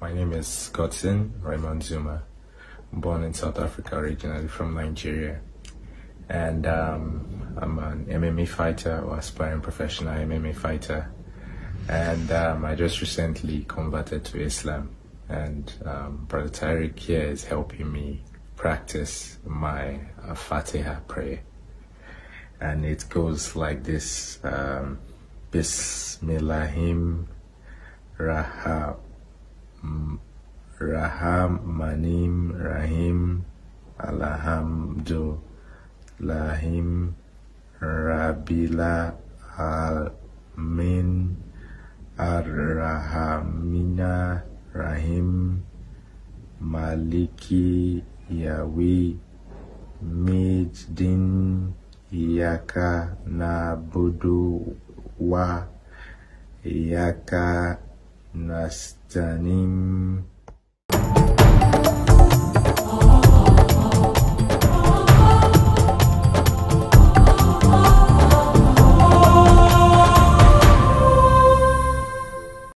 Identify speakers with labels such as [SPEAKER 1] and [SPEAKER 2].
[SPEAKER 1] My name is Godson Raymond Zuma, born in South Africa originally from Nigeria. And um, I'm an MMA fighter or aspiring professional MMA fighter. And um, I just recently converted to Islam. And um, Brother Tariq here is helping me practice my uh, Fatiha prayer. And it goes like this um, Bismillahim Rahab. رحم منیم رحیم الحمد لهم رب العالمين الرحمن الرحيم مالك يوي مجدين إياك نعبد وإياك نستنيم